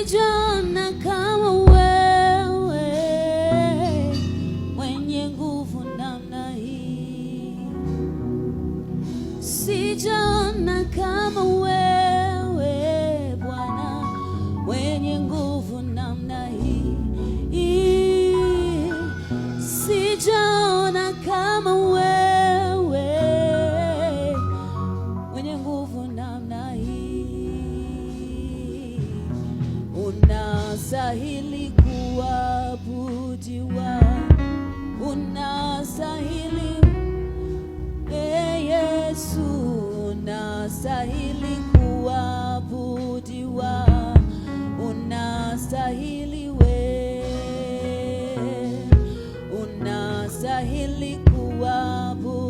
Kijana kama wewe mwenye nguvu namna hii sijaona unastahili kuabudiwa, unastahili e Yesu, unastahili kuabudiwa, unastahili we, unastahili kuabudiwa